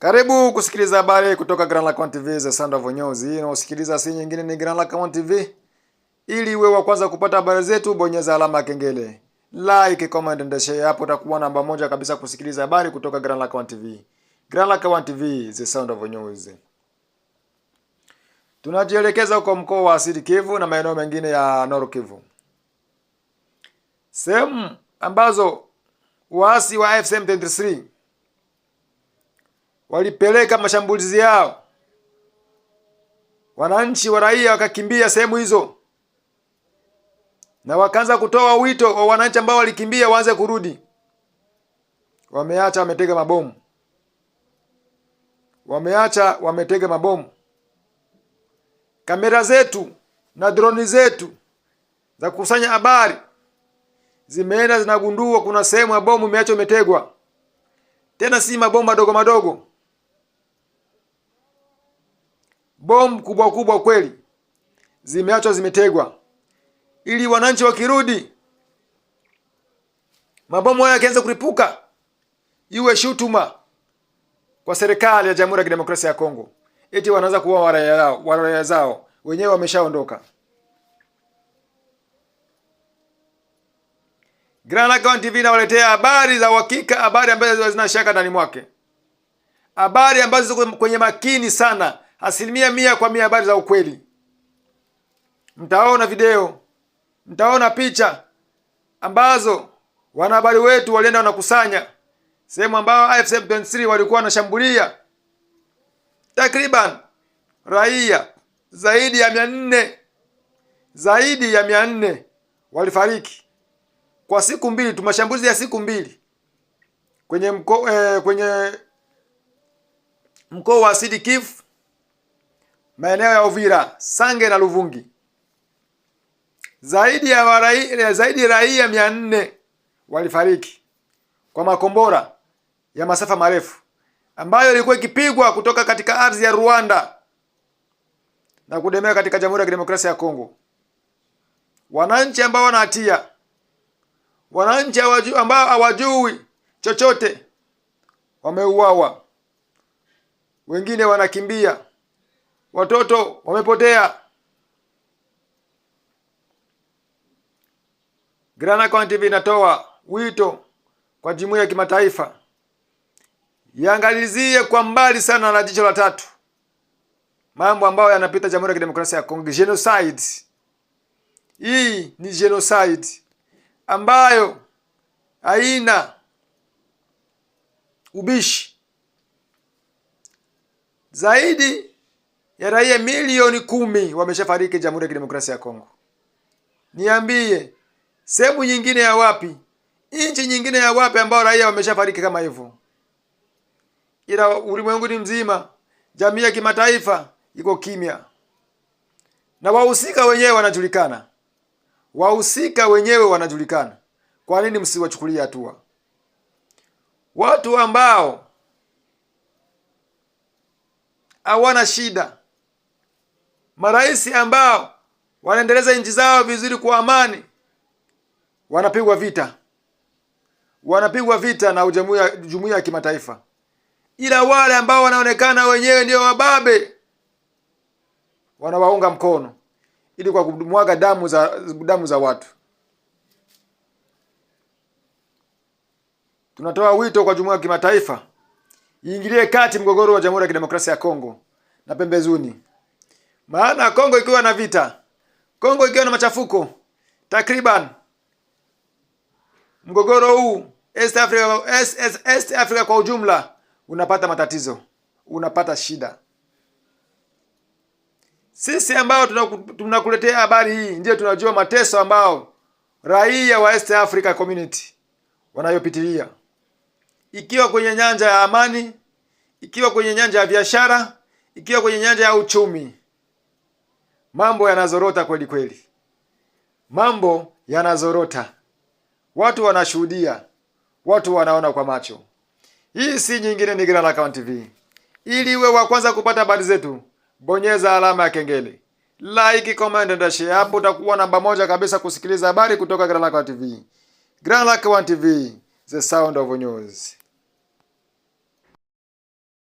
Karibu kusikiliza habari kutoka Grand lac TV za Sandavyo News. Na usikiliza si nyingine ni Grand lac TV. Ili wewe wa kwanza kupata habari zetu, bonyeza alama ya kengele. Like, comment and share hapo utakuwa namba moja kabisa kusikiliza habari kutoka Grand lac TV. Grand lac TV the sound of news. Tunajielekeza huko mkoa wa Sud Kivu na maeneo mengine ya Nord Kivu. Sehemu ambazo waasi wa AFC M23 walipeleka mashambulizi yao, wananchi wa raia wakakimbia sehemu hizo, na wakaanza kutoa wito wa wananchi ambao walikimbia waanze kurudi. Wameacha wametega mabomu, wameacha wametega mabomu. Kamera zetu na droni zetu za kukusanya habari zimeenda zinagundua kuna sehemu ya bomu imeachwa imetegwa, tena si mabomu madogo madogo bomu kubwa kubwa kweli zimeachwa zimetegwa, ili wananchi wakirudi mabomu hayo yakianza kulipuka iwe shutuma kwa serikali ya Jamhuri ya Kidemokrasia ya Kongo, eti wanaanza kuua waraia zao wenyewe, wameshaondoka. Grand Lac TV inawaletea habari za uhakika, habari ambazo zinashaka shaka ndani mwake, habari ambazo ziko kwenye makini sana asilimia mia kwa mia habari za ukweli. Mtaona video, mtaona picha ambazo wanahabari wetu walienda wanakusanya sehemu ambayo AFC M23 walikuwa wanashambulia takriban raia zaidi ya mia nne zaidi ya mia nne walifariki kwa siku mbili tu, mashambulizi ya siku mbili kwenye mko, eh, kwenye mkoa wa Sud Kivu maeneo ya Uvira, Sange na Luvungi. Zaidi ya warai, zaidi raia mia nne walifariki kwa makombora ya masafa marefu ambayo ilikuwa ikipigwa kutoka katika ardhi ya Rwanda na kudemea katika Jamhuri ya Kidemokrasia ya Kongo. Wananchi ambao wana hatia, wananchi ambao hawajui chochote wameuawa, wengine wanakimbia watoto wamepotea. Granacon TV inatoa wito kwa jumuiya ya kimataifa yangalizie kwa mbali sana na jicho la tatu mambo ambayo yanapita Jamhuri ya Kidemokrasia ya Kongo. Genocide hii ni genocide ambayo haina ubishi zaidi ya raia milioni kumi wameshafariki Jamhuri ya Kidemokrasia ya Kongo. Niambie, sehemu nyingine ya wapi, nchi nyingine ya wapi ambao raia wameshafariki kama hivyo? Ila ulimwenguni mzima, jamii ya kimataifa iko kimya, na wahusika wenyewe wanajulikana, wahusika wenyewe wanajulikana. Kwa nini msiwachukulia hatua watu ambao hawana shida marais ambao wanaendeleza nchi zao vizuri kwa amani wanapigwa vita, wanapigwa vita na jumuiya ya kimataifa, ila wale ambao wanaonekana wenyewe ndio wababe wanawaunga mkono ili kwa kumwaga damu za, damu za watu. Tunatoa wito kwa jumuiya ya kimataifa iingilie kati mgogoro wa Jamhuri ya Kidemokrasia ya Kongo na pembezuni. Maana Kongo ikiwa na vita, Kongo ikiwa na machafuko takriban mgogoro huu East Africa, East, East Africa kwa ujumla unapata matatizo, unapata shida. Sisi ambao tunakuletea habari hii ndio tunajua mateso ambao raia wa East Africa community wanayopitilia, ikiwa kwenye nyanja ya amani, ikiwa kwenye nyanja ya biashara, ikiwa kwenye nyanja ya uchumi mambo yanazorota kweli kweli, mambo yanazorota, watu wanashuhudia, watu wanaona kwa macho. Hii si nyingine, ni Grand lac TV. Ili iwe wa kwanza kupata habari zetu, bonyeza alama ya kengele, like, comment and share. Hapo utakuwa namba moja kabisa kusikiliza habari kutoka Grand lac TV. Grand lac TV, the sound of news.